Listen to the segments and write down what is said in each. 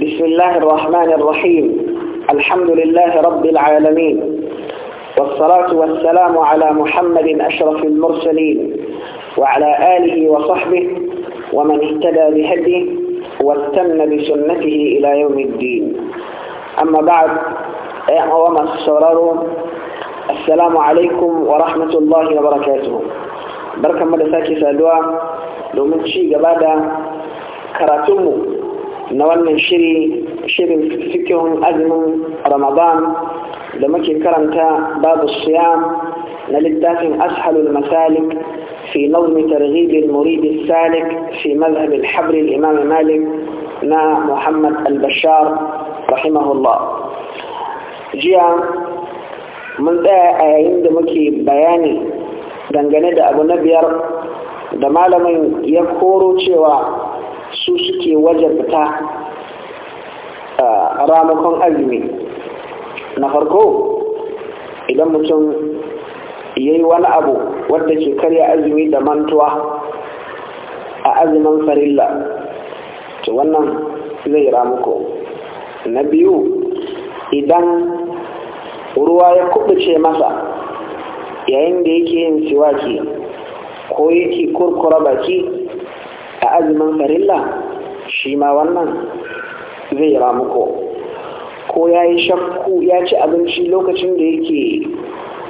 بسم الله الرحمن الرحيم الحمد لله رب العالمين والصلاة والسلام على محمد أشرف المرسلين وعلى آله وصحبه ومن اهتدى بهديه واستنى بسنته إلى يوم الدين أما بعد أعوام السرار السلام عليكم ورحمة الله وبركاته بركة مدساكي سادوا لمن شيء قبادا كراتمو نوالنا شري شري فكيون أدم رمضان لمكي كرنتا باب الصيام نلدات أسهل المسالك في نظم ترغيب المريد السالك في مذهب الحبر الإمام مالك نا محمد البشار رحمه الله جيا من ذا أيام دمكي بياني دنجاني دا أبو نبيار دمالا من يكورو تيوا su suke wajabta ramakon azumi na farko idan mutum ya yi wani abu wadda ke karya azumi da mantuwa a azumin farilla to wannan zai ramuku na biyu idan ruwa ya kubuce masa yayin da yake yin siwaki ko yake kurkura baki a azumin marilla shi ma wannan zai ramuko ko ya yi shakku ya ci abinci lokacin da yake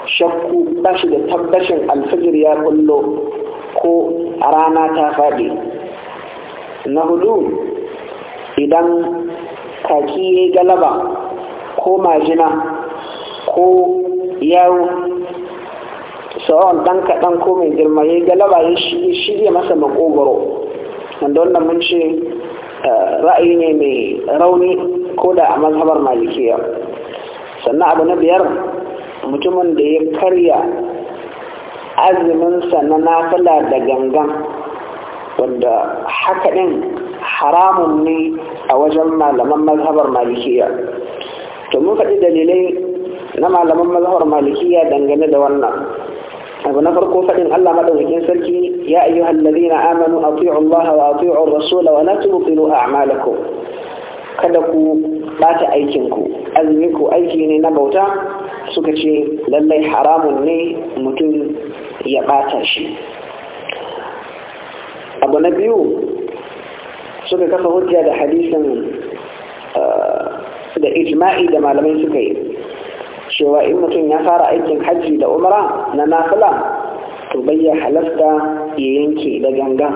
shakku ba da tabbashin alfajir ya kullo ko a rana ta faɗi na hudu idan kaki ya yi galaba ko majina ko yawo sa'on ɗan kaɗan ko mai girma ya yi galaba ya shirya masa makogoro wanda wannan mun ce eh, ra'ayi ne mai rauni ko da a mazhabar malikiya sannan abu na biyar mutumin da ya karya azuminsa na nafila da gangan wanda haka ɗin haramun ne a wajen malaman mazhabar malikiya to mun faɗi dalilai na malaman mazhabar malikiya dangane da wannan abu na farko faɗin Allah madaukakin sarki ya ayyuhal na amanu ati'u Allah wa ati'u ar wa la tubtilu a'malakum kada ku bata aikin ku azumi ku aiki ne na bauta suka ce lallai haramun ne mutum ya bata shi abu na biyu suka kafa hujja da hadisin eh, da ijma'i da malamai suka yi cewa in mutum ya fara aikin hajji da umara na nafila to bayya halasta ya yanke da ganga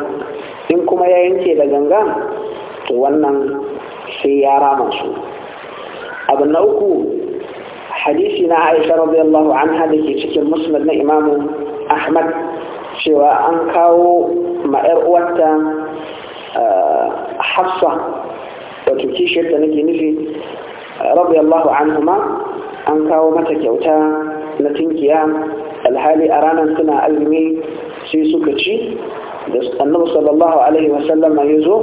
in kuma ya yanke da ganga to wannan sai ya rama su abu na uku hadisi na aisha radiyallahu an hada ke cikin musulman na imamu ahmad cewa an kawo ma'ar uwarta hafsa wato da nake nufi an hama. an kawo mata kyauta na tinkiya alhali a ranar suna azumi sai suka ci da annabi sallallahu alaihi wasallam ya zo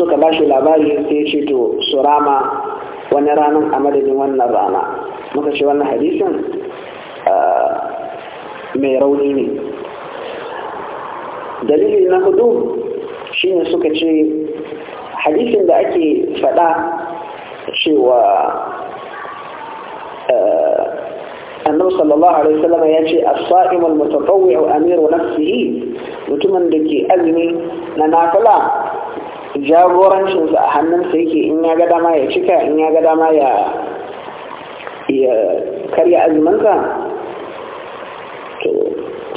suka ba shi labari sai ce to su rama wani ranar a madadin wannan rana muka ce wannan hadisin ah, mai rauni ne dalili na hudu shine suka ce hadisin da ake fada cewa annabi sallallahu alaihi wasallam ya ce as-sa'im al mutatawwiu amiru nafsihi mutumin da ke azumi na nafila jagorancinsa a hannunsa yake in ya ga dama ya cika in ya ga dama ya ya karya azumansa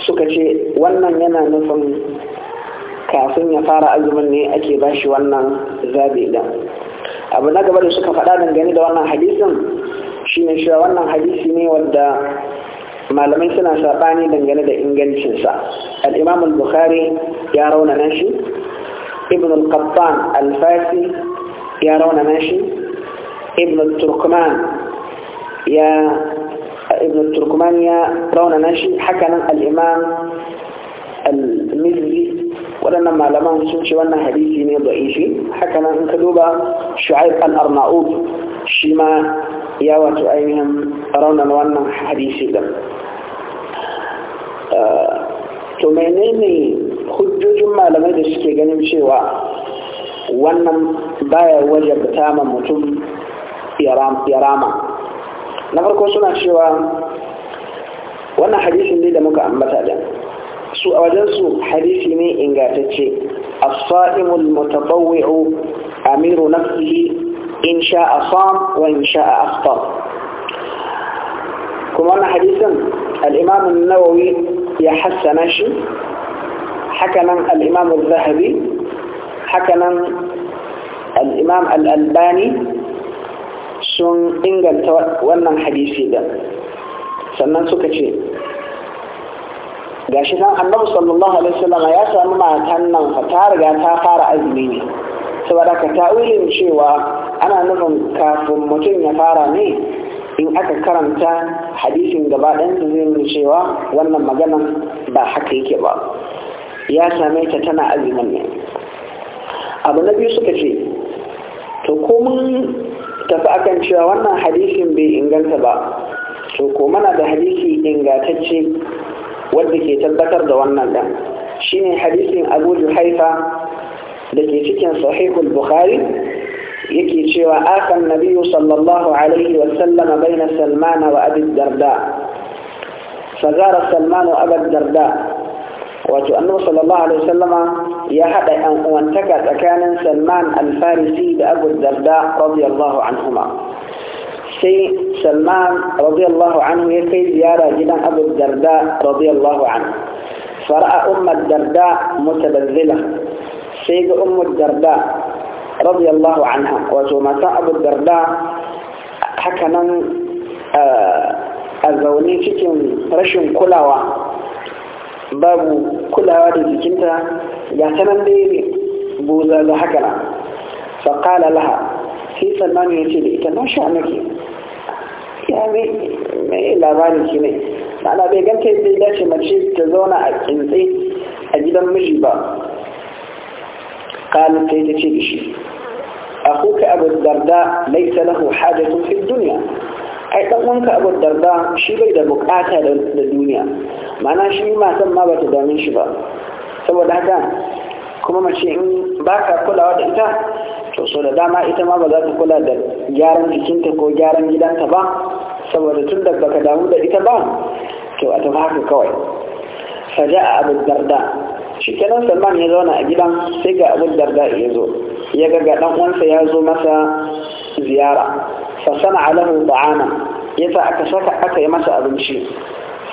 suka ce wannan yana nufin kafin ya fara azumin ne ake bashi wannan zabi din abu na gaba da suka faɗa dangane da wannan hadisin shine shi wannan hadisi ne wanda malamai suna sabani dangane da ingancin sa al-bukhari imam al ya rauna nan shi ibn al-qattan al-fasi ya rauna nan shi ibn al-turkman ya ibn al-turkman ya rauna nan shi haka nan al-mizri imam al wadannan malaman sun ce wannan hadisi ne da'ifi nan in ka duba shu'aib al-arna'ud shi ma ya wato ainihin raunar wannan hadisi ɗin ah, to menene hujjojin malamai da suke ganin cewa wannan baya wajabta ma mutum ya rama na farko suna cewa wannan hadisin ne da muka ambata da su a su hadisi ne ingatacce, as-sa'imul mutatawwi'u amiru nafsihi in sha'a sam وإن شاء أخطأ كما حديثا الإمام النووي يحس ناشي حكما الإمام الذهبي حكما الإمام الألباني سن إنجل wannan حديثي da sannan suka ce gashi nan annabi sallallahu alaihi wasallam ya samu matan nan fa ta riga ta fara azumi ne saboda ka ta'wilin cewa ana nufin kafin mutum ya fara ne in aka karanta hadisin gaba ɗansa zai nuna cewa wannan maganan ba haka yake ba ya same ta tana azumin ne abu na biyu suka ce to ko tafi akan cewa wannan hadisin bai inganta ba to ko mana da hadisi ingantacce wadda ke tabbatar da wannan ɗan shine hadisin abu haifa da ke cikin sahihul bukhari يكي شوى آكا النبي صلى الله عليه وسلم بين سلمان وأبي الدرداء فزار سلمان أبا الدرداء وتؤنه صلى الله عليه وسلم يهد أن وانتكت أكان سلمان الفارسي بأبو الدرداء رضي الله عنهما سي سلمان رضي الله عنه يكي زيارة جدا أبو الدرداء رضي الله عنه فرأى أم الدرداء متبذلة سيد أم الدرداء radiyallahu anha wato mata abu darda hakanan a zaune cikin rashin kulawa babu kulawa da jikinta ya sanan dai buza da haka na faƙala laha sai salmanu ya ce da ita na sha nake ya mai labarin ki ne ma'ana bai ganta yadda ya dace mace ta zauna a kintse a gidan miji ba ƙalin sai ta ce da shi akuka abu darda laisa lahu hajatun fi dunya ai dan wanka abu darda shi bai da bukata da duniya mana shi matan ma bata damin shi ba saboda haka kuma mace in baka kulawa da ita to so da dama ita ma ba za ta kula da gyaran jikinta ko gyaran gidanta ba saboda tun da baka damu da ita ba to a tafi haka kawai faja a abu darda shi kenan salman ya zauna a gidan sai ga abu darda ya zo ya ga ga dan uwansa ya zo masa ziyara fa sana'a lahu ta'ama yasa aka saka aka yi masa abinci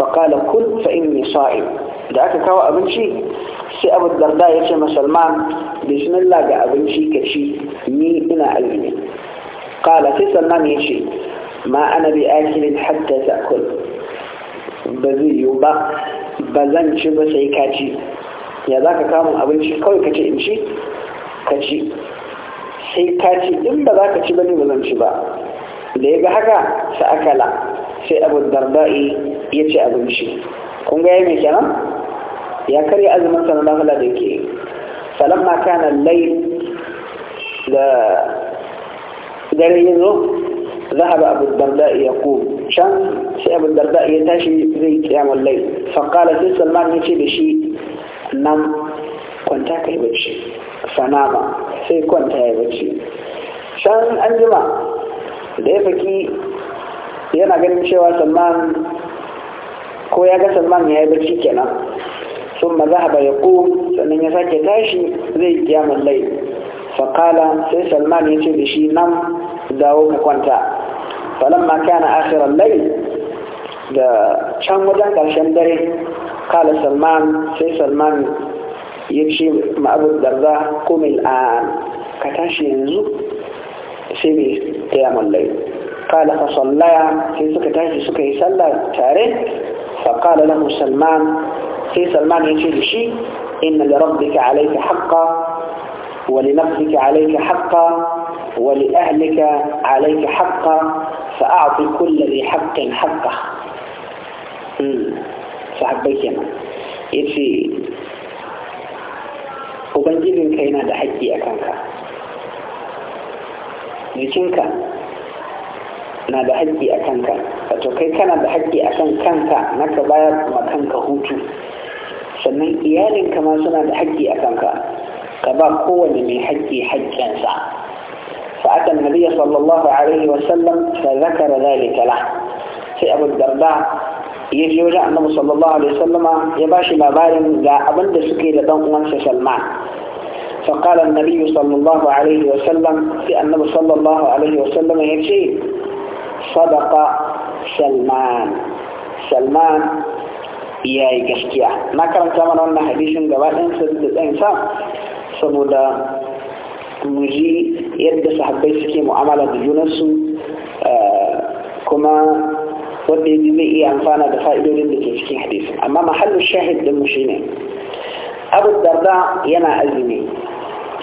fa qala kul fa inni sa'im da aka kawo abinci sai abu darda ya ce musulman bismillah ga abinci ka ci ni ina azumi qala sai salman ya ce ma ana bi akilin hatta ta'kul ba zai yiwu ba ba zan ci ba sai ka ci ya za ka kamun abinci kawai ka ce in ci ka ci sai ka ci in ba za ka ci bane ba zan ci ba da ya ga haka sa akala sai abu darda'i ya ci abinci kun ga mai kenan ya karya azumin sa na nafila da ke falamma kana lai da dare ya zo ذهب أبو الدرداء يقول شان سي أبو الدرداء يتاشي زي قيام الليل فقال سي سلمان يتي بشي نم كنت كيف بشي fanama sai kwanta ya bacci can an jima da ya faki yana ganin cewa ko ya ga salman ya yi bacci kenan sun mazahaba ya ko sannan ya sake tashi zai kiyamun lai faƙala sai salman ya ce da shi nan dawo ka kwanta falamma kana akhiran lai da can wajen ƙarshen dare kala salman sai salman ya ma abu darda kuma al'an ka tashi yanzu sai bai taya mallai kala ka sallaya sai suka tashi suka yi sallah tare fa kala na salman sai salman ya ce da shi inna da rabbika alayka haqqan wa li nafsika alayka haqqan wa li ahlika alayka haqqan fa a'ti kulli dhi haqqin sahabbai kenan yace ubangijinka yana da haƙƙi a kanka jikinka na da haƙƙi a kanka wato kai kana da haƙƙi a kan kanka na ka bayar ma kanka hutu sannan iyalinka ma suna da haƙƙi a kanka ka ba kowane mai haƙƙi haƙƙinsa فأتى النبي صلى الله عليه وسلم فذكر ذلك له sai abu darda ya je wajen annabi sallallahu alaihi wasallama ya bashi labarin ga abin da suke da dan uwansa salman فقال النبي صلى الله عليه وسلم في النبي صلى الله عليه وسلم يكشي صدق سلمان سلمان يا gaskiya na karanta mana wannan hadisin gaba ɗin sa saboda mu yadda sahabbai suke mu'amala da junansu kuma wanda ya zai iya amfana da fa'idodin da ke cikin hadisi amma mahallin shahid din mu shine abu darda yana azumi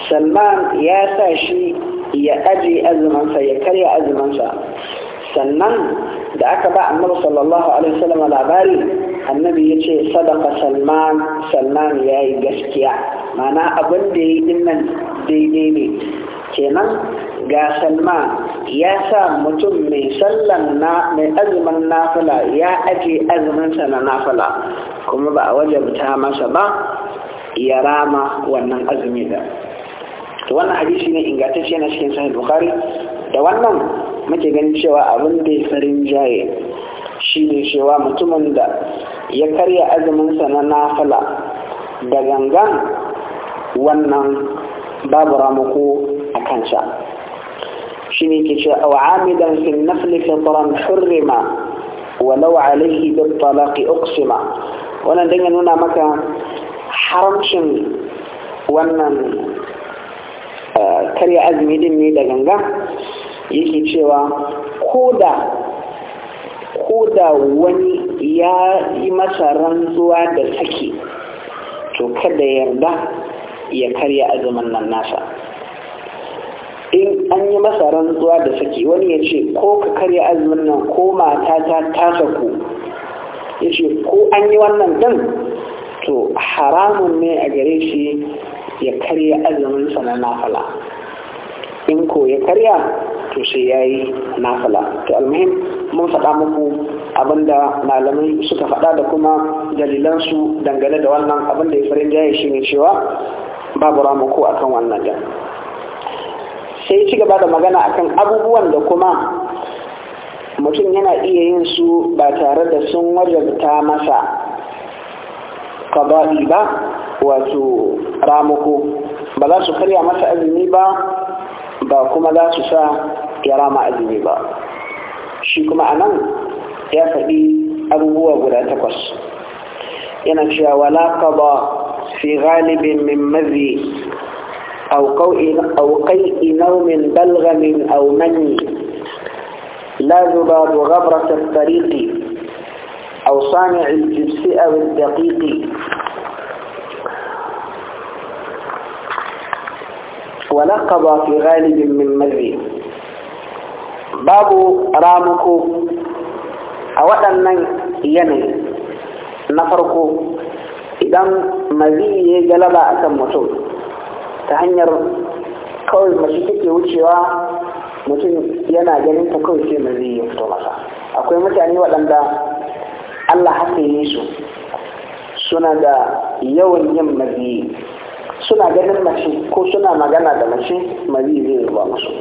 salman ya sa shi ya aje azumansa ya karya azumansa sannan da aka ba annabi sallallahu alaihi wasallam labari annabi ya ce sadaka salman salman ya yi gaskiya mana abin da ya yi dinnan daidai ne kenan ga salman ya sa mutum mai sallan na mai azumin nafila ya aje azuminsa na nafila kuma ba a wajabta masa ba ya rama wannan azumi da to wannan hadisi ne ingantacce na cikin sahih bukhari da wannan muke ganin cewa abin da ya farin jaye shine cewa mutumin da ya karya azuminsa na nafila da gangan wannan babu ramako a kansa shi ne ke cewa aw amidan fil nafli fitran hurrima walau alaihi bit talaqi uqsima wannan dan ya nuna maka haramcin wannan karya azumi din ne da ganga yake cewa koda koda wani ya yi masa ranzuwa da sake to kada yarda ya karya azumin nan nasa in an yi masa ranzuwa da sake wani ya ce ko ka karya azumin nan ko mata ta tasa ku ya ce ko an yi wannan dan to haramun ne a gare shi ya karya azumin sa na nafala in ko ya karya to sai ya yi nafala to almuhim mun faɗa muku abinda malamai suka faɗa da kuma dalilansu dangane da wannan abinda ya farin jaye shi ne cewa babu ramako akan wannan da sai ci gaba da magana akan abubuwan da kuma mutum yana iya yin su ba tare da sun wajabta masa kaba'i ba wato ramuku ba za su karya masa azumi ba ba kuma za su sa ya rama azumi ba shi kuma anan ya faɗi abubuwa guda takwas yana cewa wala qada fi ghalibin min mazi aw qaw'in aw qai'i nawmin balghamin aw manni la yubadu ghabrat at-tariqi aw sami' al-jibsi aw ولقب في غالب من مذي babu ramuko a waɗannan yanayi na farko idan mazi ya galaba akan mutum ta hanyar kawai mace take wucewa mutum yana ganin ta kawai sai mazi ya fito masa akwai mutane waɗanda allah haka yi su suna da yawan yin maziyi. suna ganin mace ko suna magana da mace mazi zai ruwa musu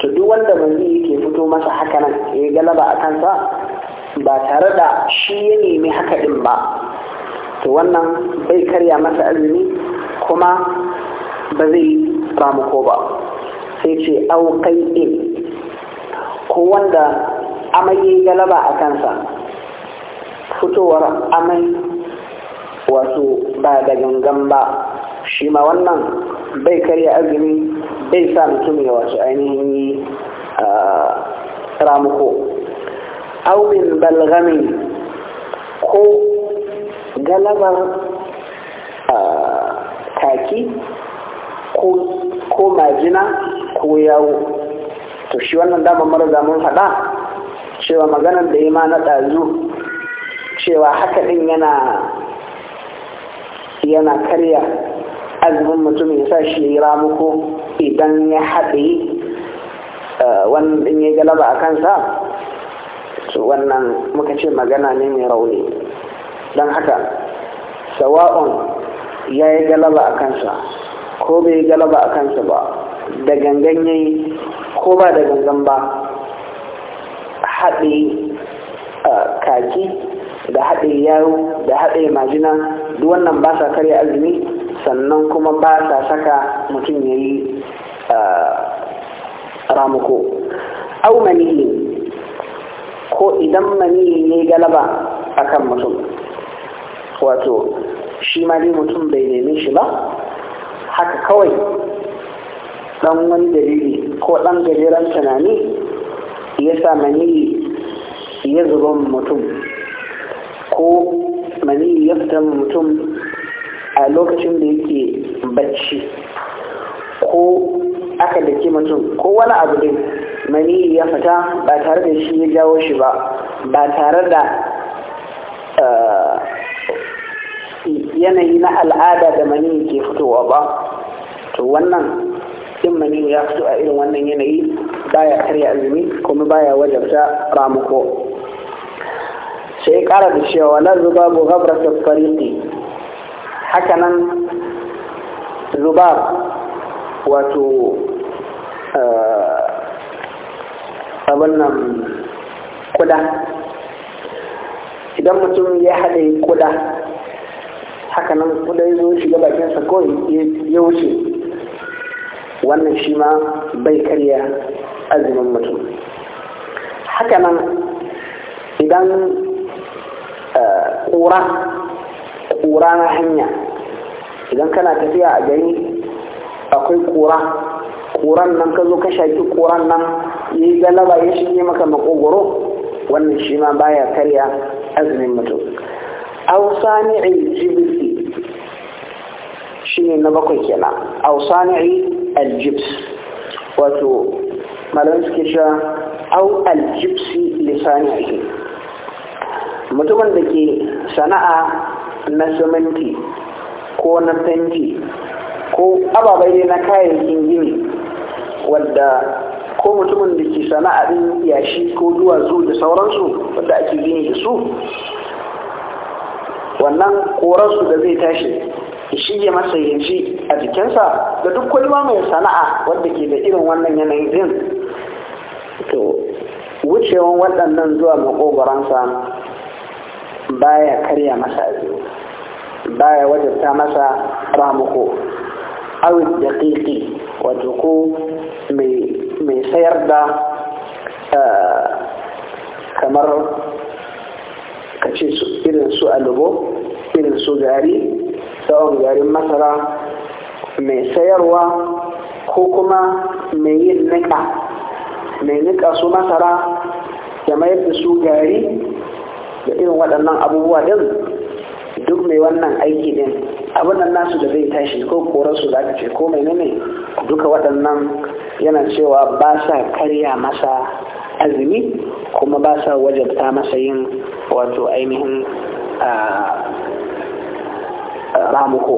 to duk wanda maza yake fito masa haka nan ya galaba a kansa ba tare da shi ya nemi haka din ba to wannan bai karya masa azumi kuma ba zai ko ba sai ce in ko wanda amai ya galaba a kansa fitowar amai wasu ba da gangan ba shi ma wannan bai karya azumi bai sa mutum ya wace ainihin yi ramuko aubin balgami ko galabar kaki ko majina ko yawo to shi wannan damar marza mun faɗa cewa maganar da yi ma na ɗazu cewa haka ɗin yana karya azumin mutum ya sa shi ya ramuko idan ya haɗe eh, wani ya galaba a kansa wannan muka ce magana ne mai rauni don haka sawa'un ya yi galaba a kansa ko bai galaba a kansa ba da gangan ya yi ko ba da gangan ba haɗe eh, kaki da haɗe yaro da haɗe majina duk wannan ba sa karya azumi sannan kuma ba ta saka mutum ya yi ramuko au maniyi ko idan maniyi ne galaba a kan mutum wato shi ma dai mutum bai nemi shi ba haka kawai dan wani dalili ko dan gajeren tunani ya sa maniyi ya zuban mutum ko mani ya fita mutum a lokacin da yake bacci ko aka da ke mutum ko wani abu din mani ya fita ba tare da shi ya jawo shi ba ba tare da eh, yanayi na al'ada da mani ke fitowa ba to wannan in mani ya fito a irin wannan yanayi baya karya azumi kuma baya wajabta ramuko sai kara da cewa la zubabu ghabra ne. hakanan zubar wato eh, abin nan kuda idan mutum ya haɗe kuda hakanan kuda ya zo shiga bakinsa kawai ya wuce wannan shi ma bai karya azumin mutum hakanan idan eh, ƙura Kura na hanya idan kana tafiya a gari akwai ƙura ƙuran nan ka zo ka shaki ƙuran nan ya yi galaba ya shige maka makogoro wannan shi ma baya karya azumin mutum ausani'i jibsi shi ne na bakwai kenan ausani'i aljibs wato malam suke cewa au aljibsi lisani'i mutumin da ke sana'a na siminti ko na fenti ko ababai ne na kayayyakin gini wadda ko mutumin da ke sana'a din yashi ko duwatsu da sauransu wadda ake gini da su wannan koransu da zai tashi shige masa yanci a jikinsa da duk wani mai sana'a wadda ke da irin wannan yanayin din to wucewan waɗannan zuwa makogoransa baya karya masa baya ta masa ramuko awi daƙiƙi wato ko mai sayar da eh, kamar ka ce irin su alubo irin su gari tsawon garin masara mai sayarwa ko kuma mai yin nika mai nika su masara ya mayar da su gari da irin waɗannan abubuwa ɗin. duk mai wannan aiki din abin nan nasu da zai tashi ko korarsu za ka ce ko mai ne duka waɗannan yana cewa ba sa karya masa azumi kuma ba sa wajabta masa yin wato ainihin ramuko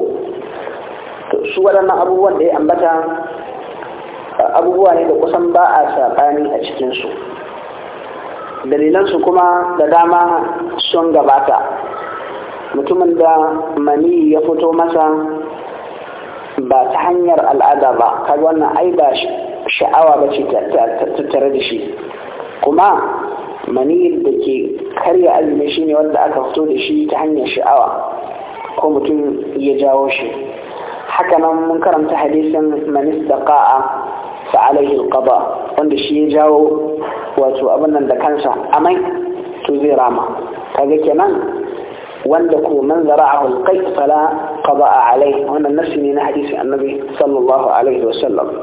su waɗannan abubuwan da ya ambata abubuwa ne da kusan ba a saɓani a cikinsu dalilansu kuma da dama sun gabata mutumin da mani ya fito masa ba ta hanyar al'ada ba kaga wannan ai ba sha'awa ba ce tattare da shi kuma mani da ke karya azumi shi ne wanda aka fito da shi ta hanyar sha'awa ko mutum ya jawo shi hakanan mun karanta hadisin da ka'a alaihi alqaba wanda shi ya jawo wato abin nan da kansa amai to zai rama kaga kenan وانك من ذرعه القيد فلا قضاء عليه وانا نفسي من حديث النبي صلى الله عليه وسلم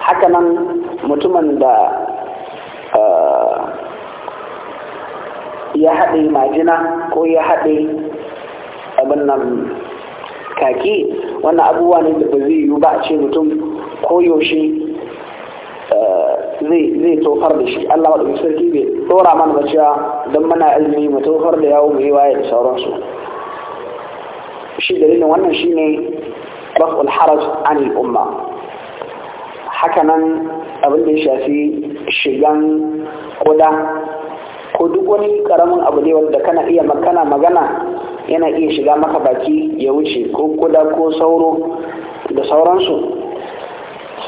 حكما متما آه، دا يا حدي ما جنا كو يا حدي ابن كاكي وانا ابو واني بزي يبا متم كو يوشي zai tofar da shi Allah maɗauki sarki bai ɗora mana da cewa don mana ilimi mu tofar da yawo mu yi waye da sauransu shi dalilin wannan shine ne haraj an umma hakanan abin da ya shafi shigan kuda ko duk wani karamin abu ne wanda kana iya makana magana yana iya shiga maka baki ya wuce ko kuda ko sauro da sauransu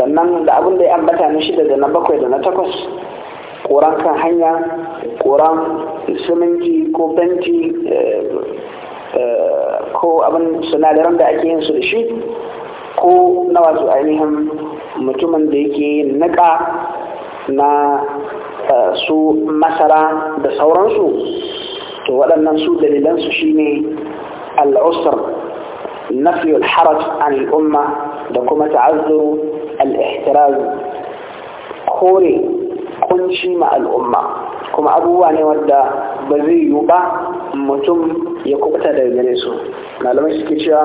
sannan da abin da ya ambata na shida da na bakwai da na takwas koran kan hanya koran siminti ko fenti eh, eh, ko abin sinadaran da ake yin su da shi ko na wato ainihin mutumin da yake niƙa na eh, su masara da sauransu to waɗannan su dalilansu shi shine al'usar nafiyar haraj an al'umma da kuma ta'azzuru al kore kunci ma al'umma kuma abubuwa ne wadda ba zai yiwu ba mutum ya kubuta da gare su malamai suke cewa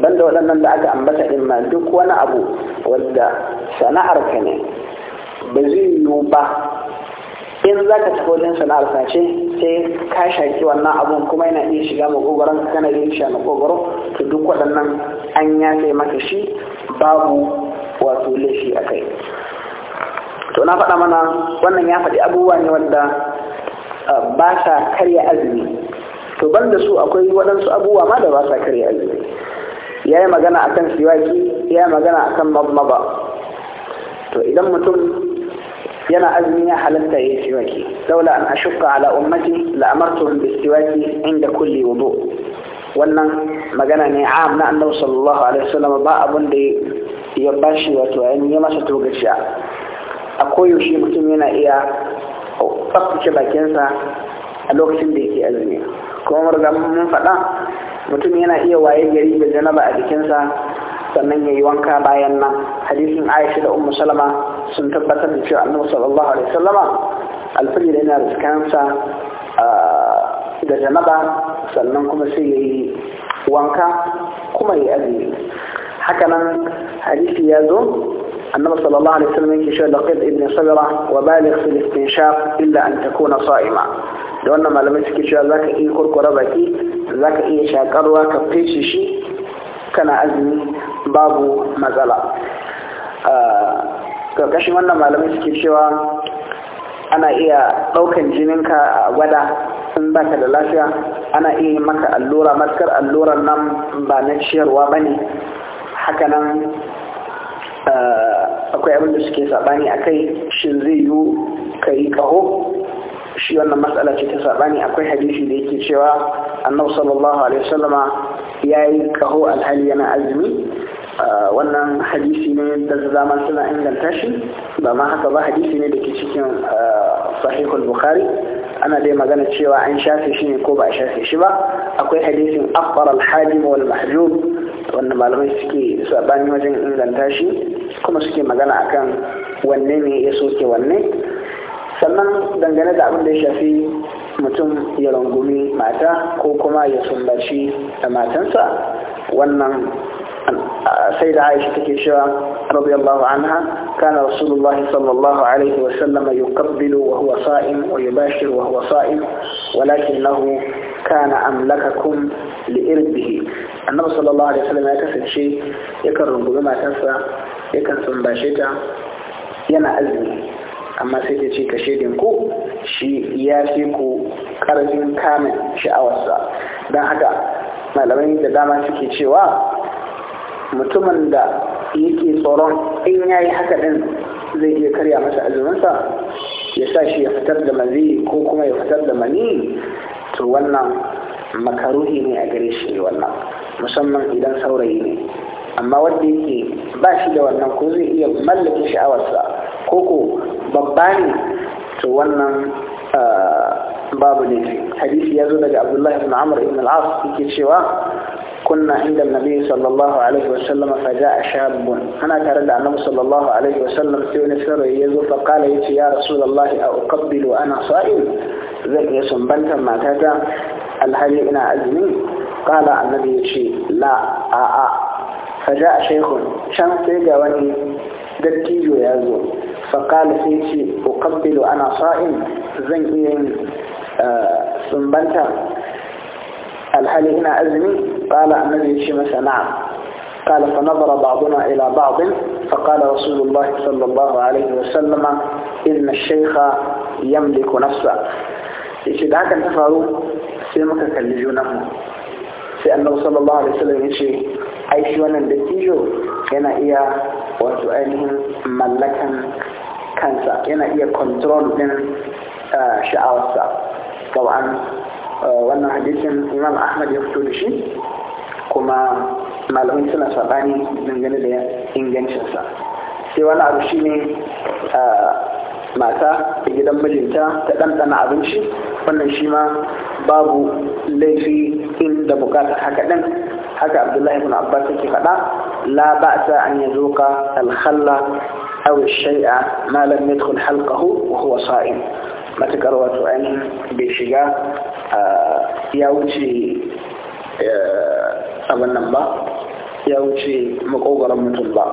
banda waɗannan da aka ambata in ma duk wani abu wadda sana'ar ka ne ba zai yiwu ba in za ka tafi wajen sana'ar ka ce sai ka shaƙi wannan abun kuma yana iya shiga makogoron kana shi a makogoro to duk waɗannan an ya sai maka shi babu wato laifi a kai to na faɗa mana wannan ya faɗi abubuwa ne wanda ba sa karya azumi to ban da su akwai waɗansu abubuwa ma da ba sa karya azumi ya yi magana akan siwaki ya yi magana akan mabmaba to idan mutum yana azumi ya halatta ya yi siwaki laula an ashukka ala ummati la amartuhum bi siwaki inda kulli wudu wannan magana ne am na annabi sallallahu alaihi wasallam ba abun da ya bashi wato ya ya masa togaciya a koyaushe mutum yana iya tsaftace bakinsa a lokacin da yake azumi kuma marga mun faɗa mutum yana iya waye gari da janaba a jikinsa sannan ya yi wanka bayan nan hadisin aisha da Umma salama sun tabbatar da cewa annabi sallallahu alaihi wasallama alfajir yana riskansa da janaba sannan kuma sai ya yi wanka kuma ya yi azumi Haka nan, hadisi ya zo annabi sallallahu alaihi wasallam yake cewa laqid ibn sabira wa baligh fil istinshaq illa an takuna sa'ima da wannan malamai suke cewa zaka iya kurkura baki zaka iya shakarwa ka fice shi kana azumi babu matsala ah, karkashin wannan malamai suke cewa ana iya daukan jininka a gwada in baka da lafiya ana iya maka allura maskar allurar nan ba na ciyarwa bane hakanan eh, akwai abin da suke saɓani a kai shin zai yiwu ka yi ƙaho shi wannan matsala ce ta saɓani akwai hadisi da yake cewa annabu sallallahu alaihi wasallama ya yi ƙaho alhali yana azumi eh, wannan hadisi ne da zaman suna inganta shi ba ma haka ba hadisi ne da ke cikin eh, sahihul bukhari ana dai magana cewa an shafe shi ne ko ba a shafe shi ba akwai hadisin akbar alhajim wal mahjub wanda malamai suke sabani wajen inganta shi kuma suke magana akan wanne ne ya soke wanne sannan dangane da abin da ya shafi mutum ya rungumi mata ko kuma ya sumbaci da matansa wannan sai da aisha take cewa radiyallahu anha kana rasulullahi sallallahu alaihi wa sallam yuqabbilu wa huwa sa'im wa yubashir wa huwa sa'im walakinahu kana amlakakum li'irbihi annabi sallallahu alaihi wasallam ya kasance yakan rungumi matarsa yakan sumbashe ta yana azumi amma sai ta ce ka shaidin ku shi ya fi ku karfin kamun sha'awarsa don haka malamai da dama suke cewa mutumin da yake tsoron in ya yi haka din zai iya karya masa azuminsa ya sa shi ya fitar da mazi ko kuma ya fitar da mani to wannan makaruhi ne a gare shi ne wannan musamman idan saurayi ne amma wanda yake bashi da wannan ko zai iya mallaki sha'awarsa ko ko babba ne to wannan ah, babu ne hadisi ya zo daga abdullahi ibn amr ibn al-as yake cewa kunna inda nabi sallallahu alaihi wasallam fa ja'a shabun ana tare da annabi sallallahu alaihi wasallam sai wani sarai ya zo fa qala yace ya rasulullahi a uqabbilu ana sa'il zan iya sumbantar matata الهل إنا أزمي قال النبي شيء لا آآ آآ فجاء شيخ شان سيجا وني دكيجو يازو فقال سيشي أقبل أنا صائم زنئين سنبنتا الهل إنا أزمي قال النبي شيء مثلا نعم قال فنظر بعضنا إلى بعض فقال رسول الله صلى الله عليه وسلم إن الشيخ يملك نفسه Sai da hakan ta faru sai muka kalli junanmu sai annabi sallallahu alaihi wasallam ya ce ai shi wannan dattijo yana iya wato ainihin mallakan kansa yana iya kontrol din sha'awarsa gawan wannan hadisin imam ahmad ya fito da shi kuma malamai suna sabani dangane da ingancinsa sai wani abu shi ne mata ta gidan mijinta ta ɗanɗana abinci wannan shi ma babu laifi inda buƙatar haka ɗin haka abdullahi ibn abbas yake faɗa la ta an yi al alhalla aw ash-shay'a ma lam yadkhul halqahu wa huwa sa'im matakar wato ainihin bai shiga ya wuce eh, abin nan ba ya wuce makogoron mutum ba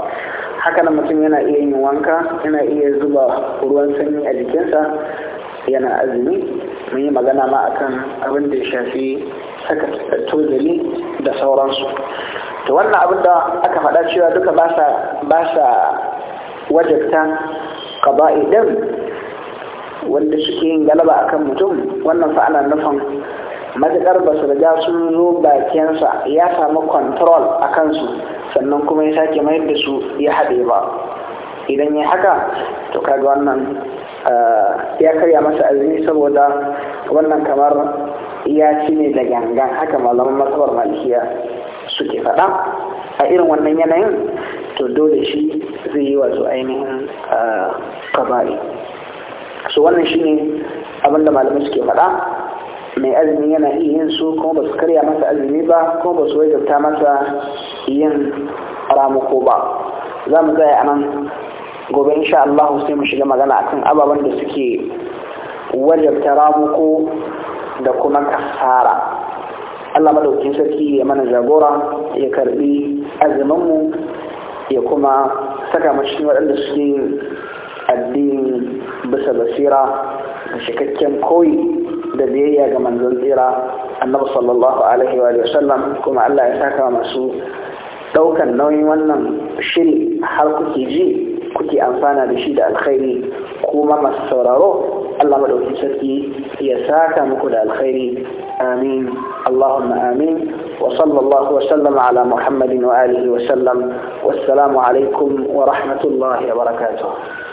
haka nan mutum yana iya yin wanka yana iya zuba ruwan sanyi a jikinsa yana azumi mun yi magana ma akan abin da ya shafi saka tozali da sauransu to wannan abin da aka faɗa cewa duka ba sa wajabta ƙaba'i ɗin wanda suke yin galaba akan mutum wannan fa ana nufin matuƙar ba su riga sun zo bakinsa ya samu control a kansu sannan kuma ya sake mayar da su ya haɗe ba idan ya haka to kaga wannan eh, ya karya masa azumi saboda wannan kamar ya ci ne da gangan haka malaman masabar malikiya suke faɗa a irin wannan yanayin to dole shi zai yi wato ainihin eh, kabari so wannan shi ne abinda malamai suke faɗa mai azumi yana iya yin su kuma ba su karya masa azumi ba kuma ba su wajabta masa yin ramuko ba za mu tsaya anan gobe insha Allah sai mu shiga magana akan ababen da suke wajabta ramuko da kuma kasara Allah madaukin sarki ya mana jagora ya karbi azuminmu ya kuma saka mashi waɗanda suke addinin bisa basira da cikakken koyi دبيئي كما نزلتيرا أنه صلى الله عليه وآله وسلم كما ألا إساك ومأسوه توكا نوي ونم شل حلق تيجي كتي أنفانا بشيد الخير كوما مستوراره اللهم لو تسكي يساك مكد الخير آمين اللهم آمين وصلى الله وسلم على محمد وآله وسلم والسلام عليكم ورحمة الله وبركاته